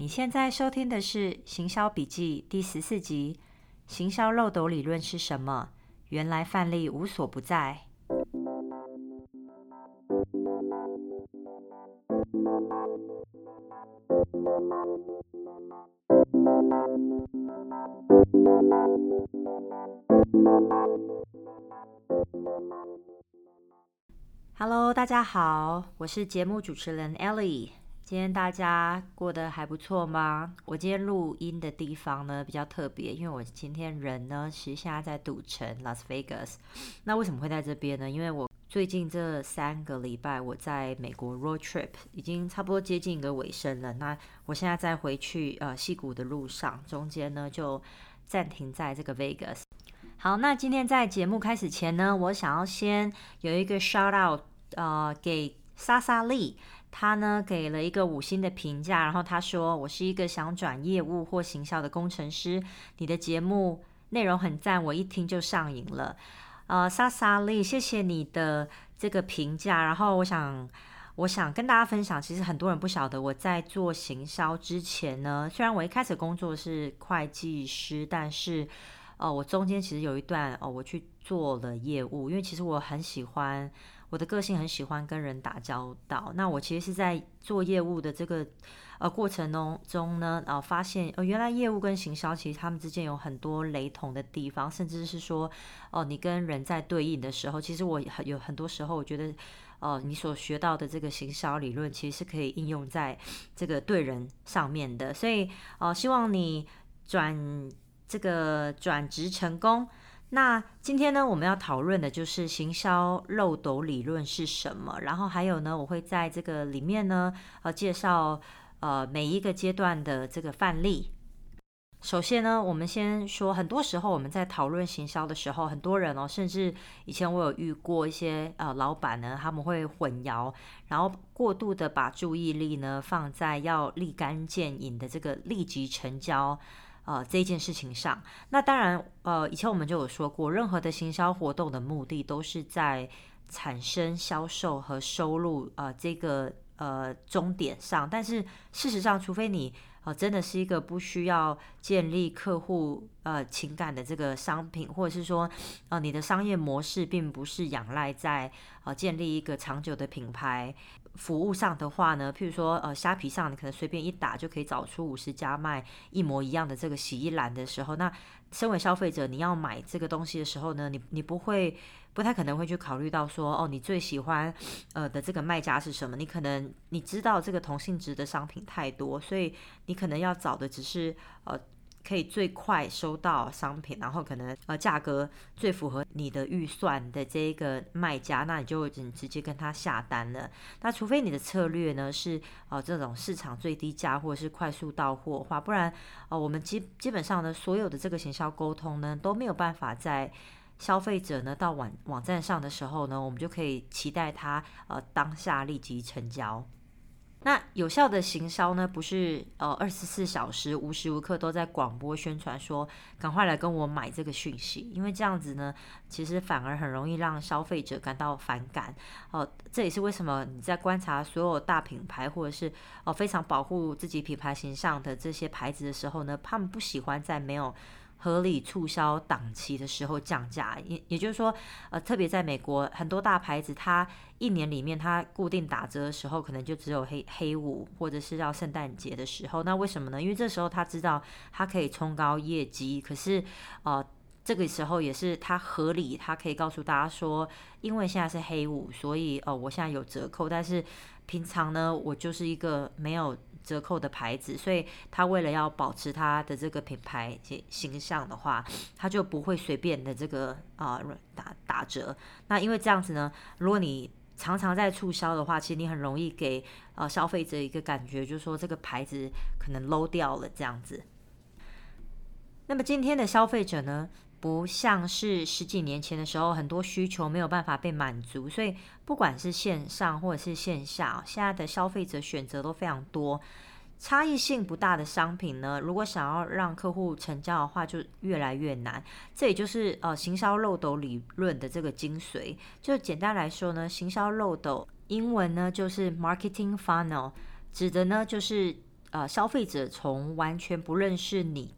你現在收聽的是《行銷筆記》第十四集，《行銷漏斗理論》是什麼？原來範例無所不在。Hello，大家好，我是節目主持人 Ellie。今天大家過得還不錯嗎？我今天錄音的地方呢，比較特別，因為我今天人呢其實現在在賭城 Las Vegas。那為什麼會在這邊呢？因為我最近這三個禮拜我在美國 road trip，已經差不多接近一個尾聲了。那我現在在回去呃矽谷的路上，中間呢就暫停在這個 Vegas。好，那今天在節目開始前呢，我想要先有一個 shout out 呃，給莎莎麗。他呢給了一個五星的評價，然後他說：“我是一個想轉業務或行銷的工程師，你的節目內容很讚，我一聽就上癮了。”呃，莎莎麗，謝謝你的這個評價。然後我想，我想跟大家分享，其實很多人不曉得我在做行銷之前呢，雖然我一開始工作是會計師，但是呃、哦，我中間其實有一段哦，我去做了業務，因為其實我很喜歡。我的個性很喜歡跟人打交道，那我其實是在做業務的這個呃過程中中呢，啊、呃、發現哦、呃、原來業務跟行銷其實他們之間有很多雷同的地方，甚至是說哦、呃、你跟人在對應的時候，其實我很有很多時候我覺得哦、呃、你所學到的這個行銷理論其實是可以應用在這個對人上面的，所以哦、呃、希望你轉這個轉職成功。那今天呢，我們要討論的就是行銷漏斗理論是什麼，然後還有呢，我會在這個裡面呢，呃，介紹呃每一個階段的這個範例。首先呢，我們先說，很多時候我們在討論行銷的時候，很多人哦，甚至以前我有遇過一些呃老闆呢，他們會混淆，然後過度的把注意力呢放在要立竿見影的這個立即成交。呃，這一件事情上，那當然，呃，以前我們就有說過，任何的行銷活動的目的都是在產生銷售和收入，呃，這個呃終點上。但是事實上，除非你。哦，真的是一個不需要建立客戶呃情感的這個商品，或者是說，呃，你的商業模式並不是仰賴在呃建立一個長久的品牌服務上的話呢，譬如說，呃，蝦皮上你可能隨便一打就可以找出五十家賣一模一樣的這個洗衣籃的時候，那身為消費者你要買這個東西的時候呢，你你不會。不太可能會去考慮到說，哦，你最喜歡，呃的這個賣家是什麼？你可能你知道這個同性質的商品太多，所以你可能要找的只是，呃，可以最快收到商品，然後可能呃價格最符合你的預算的這個賣家，那你就直直接跟他下單了。那除非你的策略呢是，呃這種市場最低價或者是快速到貨的話，不然，呃我們基基本上呢所有的這個行銷溝通呢都沒有辦法在。消費者呢，到網網站上的時候呢，我們就可以期待他呃當下立即成交。那有效的行銷呢，不是呃二十四小時無時無刻都在廣播宣傳說趕快來跟我買這個訊息，因為這樣子呢，其實反而很容易讓消費者感到反感。哦、呃，這也是為什麼你在觀察所有大品牌或者是哦、呃、非常保護自己品牌形象的這些牌子的時候呢，他們不喜歡在沒有。合理促銷檔期的時候降價，也也就是說，呃，特別在美國很多大牌子，它一年裡面它固定打折的時候，可能就只有黑黑五或者是要聖誕節的時候。那為什麼呢？因為這時候他知道他可以衝高業績，可是呃，這個時候也是他合理，他可以告訴大家說，因為現在是黑五，所以呃，我現在有折扣，但是平常呢，我就是一個沒有。折扣的牌子，所以他為了要保持他的這個品牌形形象的話，他就不會隨便的這個啊打打折。那因為這樣子呢，如果你常常在促銷的話，其實你很容易給啊消費者一個感覺，就是說這個牌子可能 low 掉了這樣子。那麼今天的消費者呢？不像是十幾年前的時候，很多需求沒有辦法被滿足，所以不管是線上或者是線下，現在的消費者選擇都非常多，差異性不大的商品呢，如果想要讓客戶成交的話，就越來越難。這也就是呃行銷漏斗理論的這個精髓。就簡單來說呢，行銷漏斗英文呢就是 marketing funnel，指的呢就是呃消費者從完全不認識你。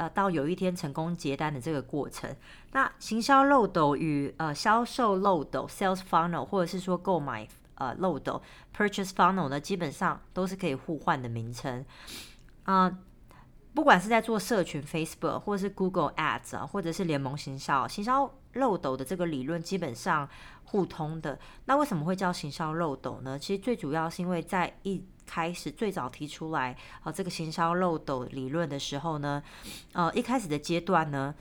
呃，到有一天成功接單的這個過程，那行銷漏斗與呃銷售漏斗 （sales funnel） 或者是說購買呃漏斗 （purchase funnel） 呢，基本上都是可以互換的名稱。啊，呃，不管是在做社群 （Facebook） 或者是 Google Ads，啊，或者是聯盟行銷，行銷漏斗的這個理論基本上互通的。那為什麼會叫行銷漏斗呢？其實最主要是因為在一開始最早提出來啊、呃，這個行銷漏斗理論的時候呢，呃，一開始的階段呢，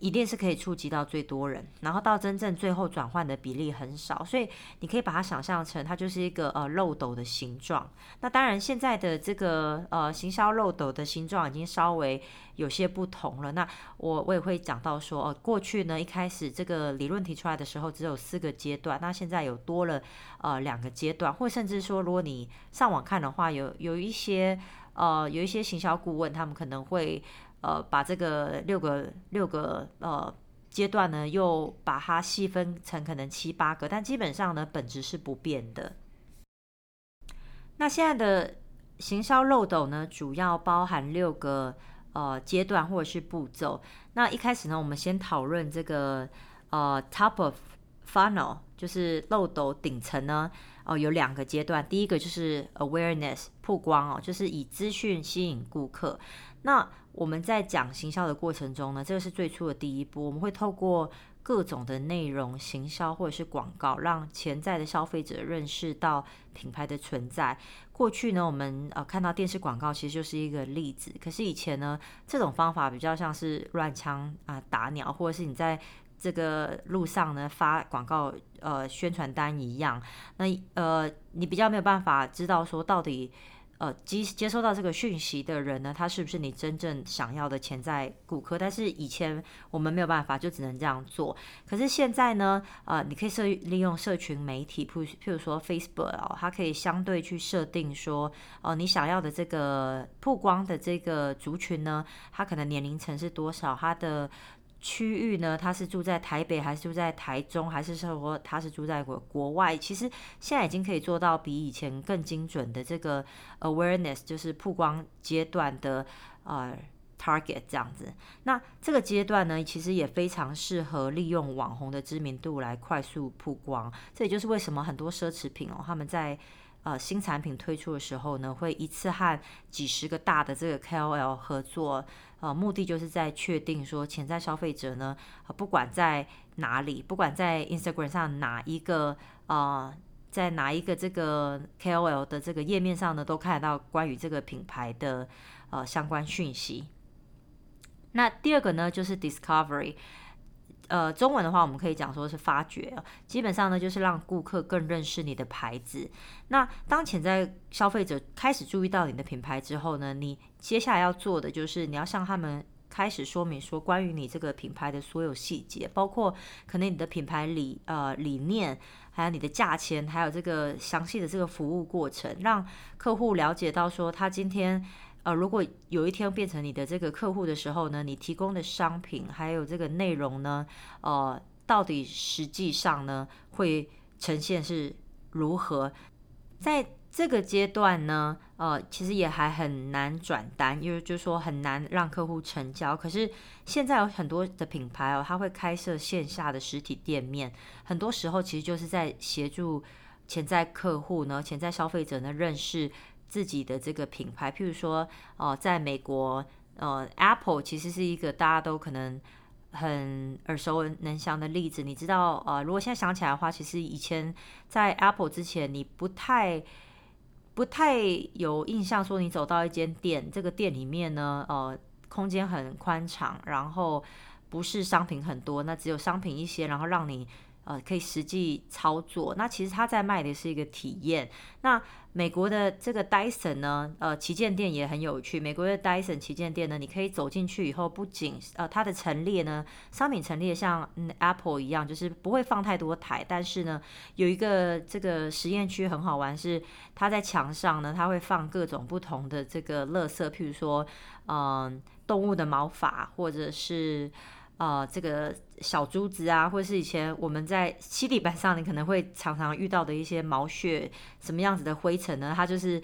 一定是可以觸及到最多人，然後到真正最後轉換的比例很少，所以你可以把它想象成它就是一個呃漏斗的形狀。那當然現在的這個呃行銷漏斗的形狀已經稍微有些不同了。那我我也會講到說，呃，過去呢一開始這個理論提出來的時候只有四個階段，那現在有多了呃兩個階段，或甚至說如果你上網看的話，有有一些呃有一些行銷顧問他們可能會。呃，把這個六個六個呃階段呢，又把它細分成可能七八個，但基本上呢本質是不變的。那現在的行銷漏斗呢，主要包含六個呃階段或者是步驟。那一開始呢，我們先討論這個呃 top of funnel，就是漏斗頂層呢，哦、呃、有兩個階段，第一個就是 awareness 曝光哦，就是以資訊吸引顧客。那我們在講行銷的過程中呢，這個是最初的第一步。我們會透過各種的內容行銷或者是廣告，讓潛在的消費者認識到品牌的存在。過去呢，我們呃看到電視廣告其實就是一個例子。可是以前呢，這種方法比較像是亂槍啊、呃、打鳥，或者是你在這個路上呢發廣告呃宣傳單一樣。那呃，你比較沒有辦法知道說到底。呃，接收到這個訊息的人呢，他是不是你真正想要的潛在顧客？但是以前我們沒有辦法，就只能這樣做。可是現在呢，呃，你可以設利用社群媒體，譬，譬如說 Facebook 哦，它，可以相對去設定說，哦、呃，你想要的這個曝光的這個族群呢，它可能年齡層是多少，它的。區域呢，他是住在台北，還是住在台中，還是說他是住在國國外？其實現在已經可以做到比以前更精準的這個 awareness，就是曝光階段的呃 target 這樣子。那這個階段呢，其實也非常適合利用網紅的知名度來快速曝光。這也就是為什麼很多奢侈品哦，他們在呃新產品推出的時候呢，會一次和幾十個大的這個 KOL 合作。呃，目的就是在確定說潛在消費者呢，不管在哪裡，不管在 Instagram 上哪一個，啊、呃，在哪一個這個 KOL 的這個頁面上呢，都看得到關於這個品牌的呃相關訊息。那第二個呢，就是 Discovery。呃，中文的話，我們可以講說是發掘，基本上呢就是讓顧客更認識你的牌子。那當潛在消費者開始注意到你的品牌之後呢，你接下來要做的就是你要向他們開始說明說關於你這個品牌的所有細節，包括可能你的品牌理呃理念，還有你的價錢，還有這個詳細的這個服務過程，讓客戶了解到說他今天。如果有一天變成你的這個客戶的時候呢，你提供的商品還有這個內容呢，呃，到底實際上呢會呈現是如何？在這個階段呢，呃，其實也還很難轉單，因為就是說很難讓客戶成交。可是現在有很多的品牌哦，它會開設線下的實體店面，很多時候其實就是在協助潛在客戶呢、潛在消費者呢認識。自己的這個品牌，譬如說，哦、呃，在美國，呃，Apple 其實是一個大家都可能很耳熟能詳的例子。你知道，呃，如果現在想起來的話，其實以前在 Apple 之前，你不太、不太有印象，說你走到一間店，這個店裡面呢，呃，空間很寬敞，然後不是商品很多，那只有商品一些，然後讓你。呃，可以實際操作。那其實他在賣的是一個體驗。那美國的這個 Dyson 呢，呃，旗艦店也很有趣。美國的 Dyson 旗艦店呢，你可以走進去以後，不僅呃它的陳列呢，商品陳列像 Apple 一樣，就是不會放太多台，但是呢，有一個這個實驗區很好玩是，是它在牆上呢，它會放各種不同的這個垃圾，譬如說，嗯、呃，動物的毛髮，或者是。呃，這個小珠子啊，或者是以前我們在吸地板上，你可能會常常遇到的一些毛屑，什麼樣子的灰塵呢？它就是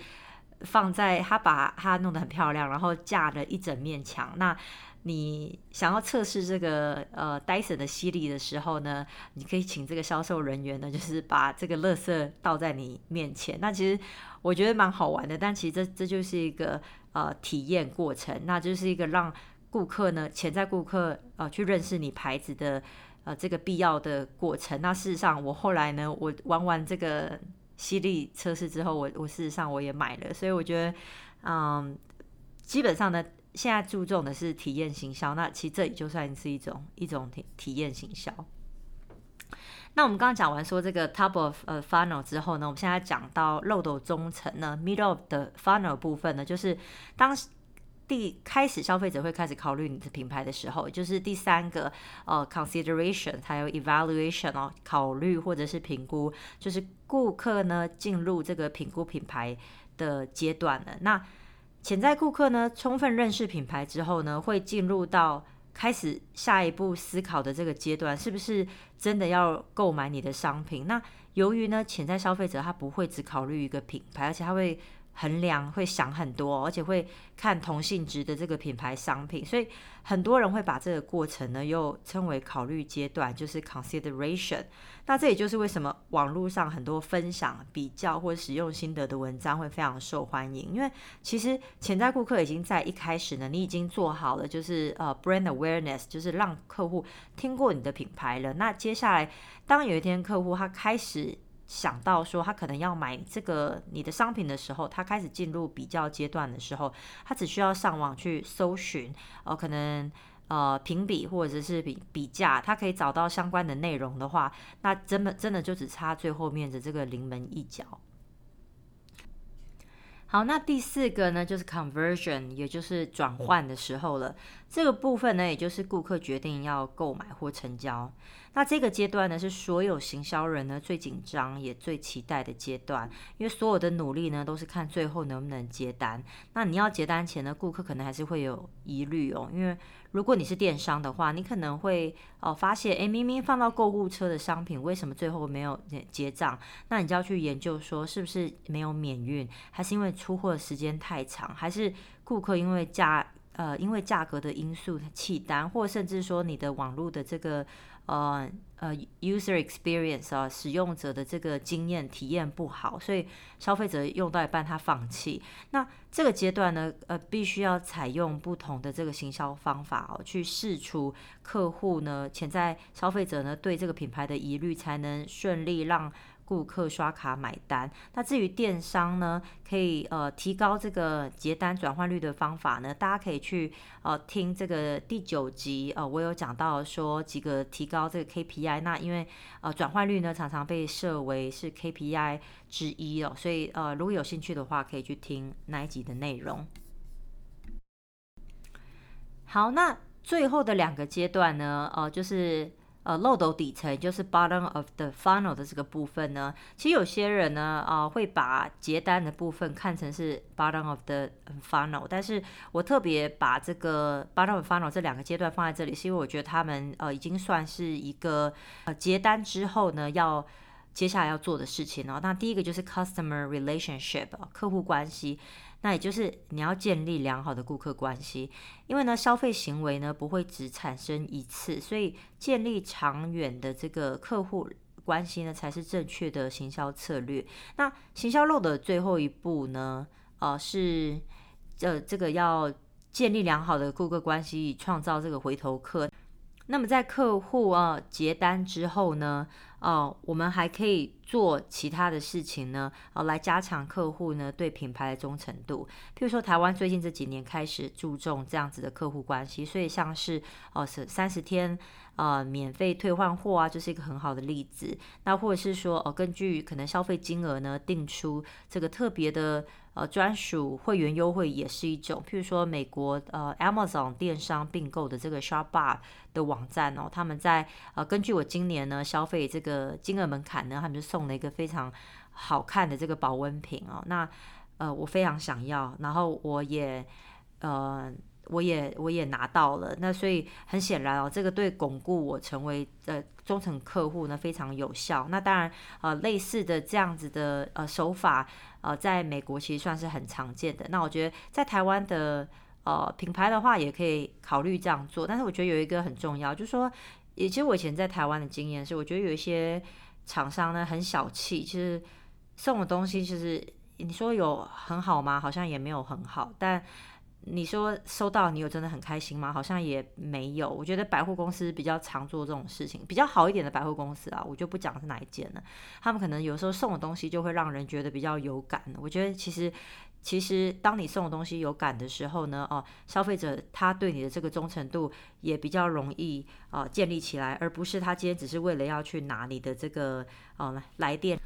放在，他把它弄得很漂亮，然後架了一整面牆。那你想要測試這個呃 Dyson 的吸力的時候呢，你可以請這個銷售人員呢，就是把這個垃圾倒在你面前。那其實我覺得蠻好玩的，但其實這這就是一個呃體驗過程，那就是一個讓。顧客呢，潛在顧客啊、呃，去認識你牌子的呃這個必要的過程。那事實上，我後來呢，我玩完這個犀利測試之後，我我事實上我也買了。所以我覺得，嗯，基本上呢，現在注重的是體驗行銷。那其實這裡就算是一種一種體體驗行銷。那我們剛剛講完說這個 top of、uh, funnel 之後呢，我們現在講到漏斗中層呢，middle of the funnel 的部分呢，就是當。第開始消費者會開始考慮你的品牌的時候，就是第三個呃、uh, consideration，還有 evaluation 哦，考慮或者是評估，就是顧客呢，進入這個評估品牌的階段了。那潛在顧客呢，充分認識品牌之後呢，會進入到開始下一步思考的這個階段，是不是真的要購買你的商品？那由於呢，潛在消費者他不會只考慮一個品牌，而且他會。衡量，會想很多，而且會看同性質的這個品牌商品，所以很多人會把這個過程呢又稱為考慮階段，就是 consideration。那這也就是為什麼網絡上很多分享、比較或使用心得的文章會非常受歡迎，因為其實潛在顧客已經在一開始呢，你已經做好了，就是呃 brand awareness，就是讓客戶聽過你的品牌了。那接下來，當有一天客戶他開始想到說他可能要買這個你的商品的時候，他開始進入比較階段的時候，他只需要上網去搜尋，哦、呃，可能呃評比或者是比比價，他可以找到相關的內容的話，那真的真的就只差最後面的這個臨門一腳。好，那第四個呢，就是 conversion，也就是轉換的時候了。哦、這個部分呢，也就是顧客決定要購買或成交。那這個階段呢，是所有行銷人呢最緊張也最期待的階段，因為所有的努力呢，都是看最後能不能接單。那你要接單前呢，顧客可能還是會有疑慮哦，因為如果你是電商的話，你可能會哦發現，誒，明明放到購物車的商品，為什麼最後沒有結賬？那你就要去研究說，是不是沒有免運，還是因為出貨時間太長，還是顧客因為價。呃，因為價格的因素它棄單，或甚至說你的網絡的這個呃呃 user experience 啊、哦，使用者的這個經驗體驗不好，所以消費者用到一半他放棄。那這個階段呢，呃，必須要採用不同的這個行銷方法哦，去釋除客戶呢、潛在消費者呢對這個品牌的疑慮，才能順利讓。顧客刷卡買單，那至於電商呢，可以呃提高這個結單轉換率的方法呢，大家可以去呃聽這個第九集，呃我有講到說幾個提高這個 KPI，那因為呃轉換率呢常常被設為是 KPI 之一哦，所以呃如果有興趣的話，可以去聽那一集的內容。好，那最後的兩個階段呢，呃就是。呃，漏斗底層就是 bottom of the funnel 的這個部分呢。其實有些人呢，啊，呃，會把結單的部分看成是 bottom of the funnel。但是我特別把這個 bottom of funnel 這兩個階段放在這裡，是因為我覺得他們呃，已經算是一個呃結單之後呢，要接下來要做的事情了哦。那第一個就是 customer relationship 客戶關係。那也就是你要建立良好的顧客關係，因為呢，消費行為呢不會只產生一次，所以建立長遠的這個客戶關係呢才是正確的行銷策略。那行銷漏的最後一步呢，啊、呃、是呃這個要建立良好的顧客關係，以創造這個回頭客。那麼在客戶啊、呃、結單之後呢，哦、呃，我們還可以做其他的事情呢，哦、呃，來加強客戶呢對品牌的忠誠度。譬如說，台灣最近這幾年開始注重這樣子的客戶關係，所以像是哦三三十天啊、呃、免費退換貨啊，就是一個很好的例子。那或者是說哦、呃，根據可能消費金額呢，定出這個特別的。呃，專屬會員優惠也是一種，譬如說美國呃，Amazon 電商併購的這個 Shopbop 的網站哦，他們在呃，根據我今年呢消費這個金額門檻呢，他們就送了一個非常好看的這個保溫瓶哦。那呃，我非常想要，然後我也呃，我也我也拿到了。那所以很顯然哦，這個對鞏固我成為呃。忠誠客戶呢非常有效。那當然，呃，類似的這樣子的呃手法，呃，在美國其實算是很常見的。那我覺得在台灣的呃品牌的話，也可以考慮這樣做。但是我覺得有一個很重要，就是說，以其實我以前在台灣的經驗是，我覺得有一些廠商呢很小氣，其實送的東西就是你說有很好嗎？好像也沒有很好，但。你說收到你有真的很開心嗎？好像也沒有。我覺得百貨公司比較常做這種事情，比較好一點的百貨公司啊，我就不講是哪一間了。他們可能有時候送的東西就會讓人覺得比較有感。我覺得其實其實當你送的東西有感的時候呢，哦，消費者他對你的這個忠誠度也比較容易啊、哦、建立起來，而不是他今天只是為了要去拿你的這個呃、哦、來電。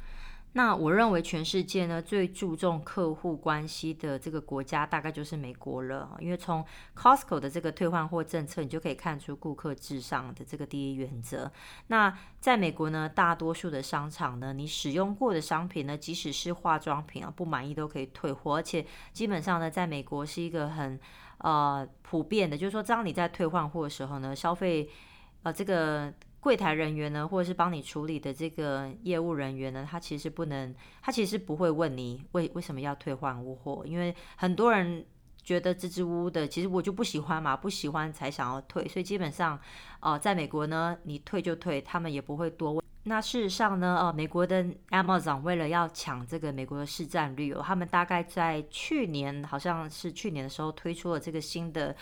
那我認為全世界呢，最注重客戶關係的這個國家大概就是美國了，因為從 Costco 的這個退換貨政策，你就可以看出顧客至上的這個第一原則。那在美國呢，大多數的商場呢，你使用過的商品呢，即使是化妝品啊，不滿意都可以退貨，而且基本上呢，在美國是一個很呃普遍的，就是說，當你在退換貨的時候呢，消費呃這個。櫃檯人員呢，或者是幫你處理的這個業務人員呢，他其實不能，他其實不會問你為為什麼要退換屋貨，因為很多人覺得支支吾吾的，其實我就不喜歡嘛，不喜歡才想要退，所以基本上，呃，在美國呢，你退就退，他們也不會多問。那事實上呢，呃，美國的 Amazon 為了要搶這個美國的市佔率哦，他們大概在去年，好像是去年的時候推出了這個新的，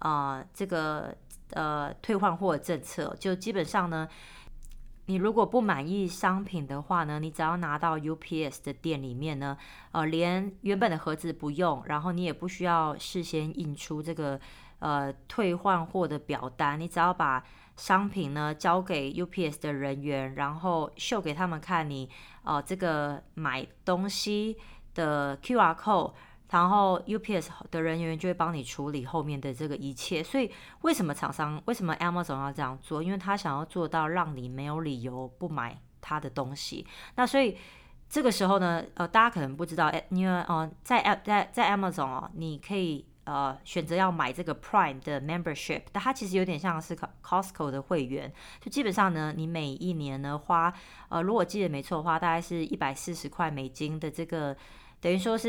啊、呃，這個。呃，退換貨政策就基本上呢，你如果不滿意商品的話呢，你只要拿到 UPS 的店裡面呢，呃，連原本的盒子不用，然後你也不需要事先印出這個呃退換貨的表單，你只要把商品呢交給 UPS 的人員，然後秀給他們看你呃，這個買東西的 QR code。然後 UPS 的人員就會幫你處理後面的這個一切，所以為什麼廠商，為什麼 Amazon 要這樣做？因為他想要做到讓你沒有理由不買他的東西。那所以這個時候呢，呃，大家可能不知道，因為哦、呃，在在在 Amazon 哦，你可以呃選擇要買這個 Prime 的 Membership，但它其實有點像是 Costco 的會員，就基本上呢，你每一年呢花，呃，如果記得沒錯，花大概是一百四十塊美金的這個。等於說是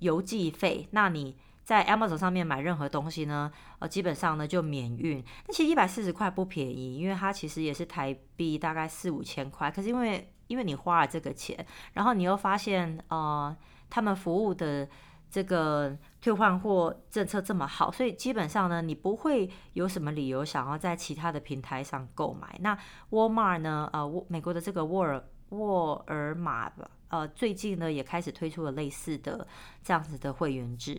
郵寄費，那你在 Amazon 上面買任何東西呢，呃，基本上呢就免運。那其實一百四十塊不便宜，因為它其實也是台幣大概四五千塊。可是因為因為你花了這個錢，然後你又發現呃，他們服務的這個退換貨政策這麼好，所以基本上呢，你不會有什麼理由想要在其他的平台上購買。那 Walmart 呢，呃，美國的這個沃爾沃爾瑪吧。呃，最近呢也開始推出了類似的這樣子的會員制。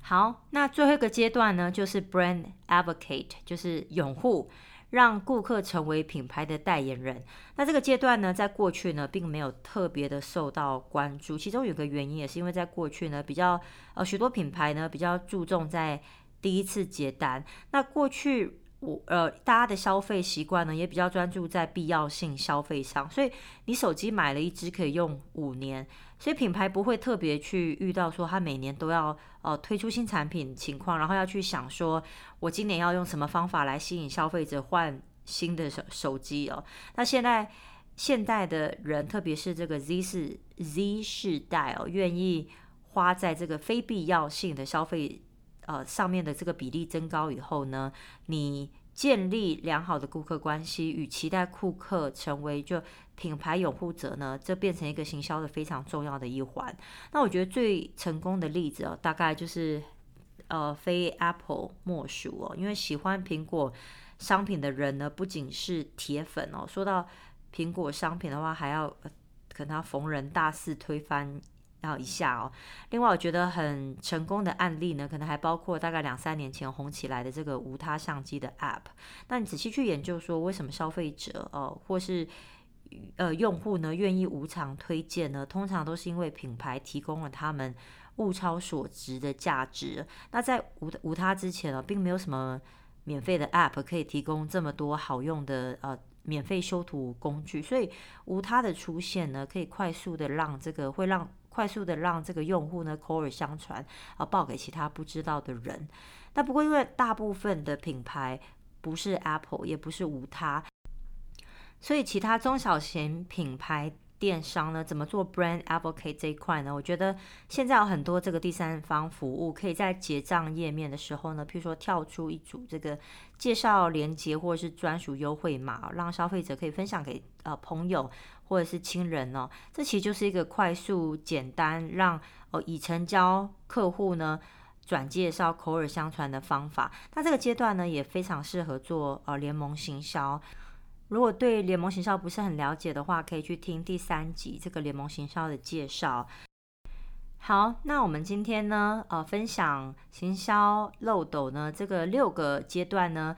好，那最後一個階段呢，就是 brand advocate，就是擁護，讓顧客成為品牌的代言人。那這個階段呢，在過去呢，並沒有特別的受到關注。其中有一個原因，也是因為在過去呢，比較呃，許多品牌呢比較注重在第一次接單。那過去我呃，大家的消費習慣呢也比較專注在必要性消費上，所以你手機買了一支可以用五年，所以品牌不會特別去遇到說他每年都要呃推出新產品情況，然後要去想說我今年要用什麼方法來吸引消費者換新的手手機哦。那現在現代的人，特別是這個 Z 四 Z 世代哦，願意花在這個非必要性的消費。呃，上面的這個比例增高以後呢，你建立良好的顧客關係，與期待顧客成為就品牌擁護者呢，這變成一個行銷的非常重要的一環。那我覺得最成功的例子哦，大概就是呃非 Apple 莫屬哦，因為喜歡蘋果商品的人呢，不僅是鐵粉哦。說到蘋果商品的話，還要可能他逢人大肆推翻。要一下哦。另外，我覺得很成功的案例呢，可能還包括大概兩三年前紅起來的這個無他相機的 App。但你仔細去研究說，為什麼消費者哦、呃，或是呃用戶呢，願意無償推薦呢？通常都是因為品牌提供了他們物超所值的價值。那在無無他之前呢，並沒有什麼免費的 App 可以提供這麼多好用的呃免費修圖工具，所以無他的出現呢，可以快速的讓這個會讓。快速的讓這個用戶呢，口耳相傳，啊，報給其他不知道的人。那不過因為大部分的品牌不是 Apple 也不是無他，所以其他中小型品牌電商呢，怎麼做 brand advocate 這一塊呢？我覺得現在有很多這個第三方服務可以在結賬頁面的時候呢，譬如說跳出一組這個介紹鏈接或者是專屬優惠碼，讓消費者可以分享給呃朋友。或者是親人哦，這其實就是一個快速、簡單讓哦已、呃、成交客戶呢轉介紹、口耳相傳的方法。那這個階段呢，也非常適合做呃聯盟行銷。如果對聯盟行銷不是很了解的話，可以去聽第三集這個聯盟行銷的介紹。好，那我們今天呢，呃，分享行銷漏斗呢這個六個階段呢。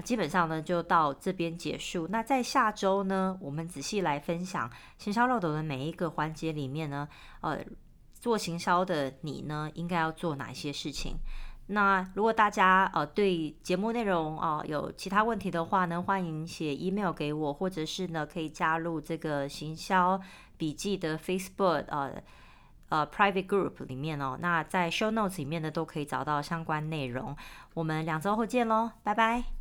基本上呢，就到這邊結束。那在下周呢，我們仔細來分享行銷漏斗的每一個環節裡面呢，呃，做行銷的你呢，應該要做哪些事情？那如果大家呃對節目內容啊，呃，有其他問題的話呢，歡迎寫 email 給我，或者是呢可以加入這個行銷筆記的 Facebook 呃呃 Private Group 裡面哦。那在 Show Notes 裡面呢，都可以找到相關內容。我們兩周後見嘍，拜拜。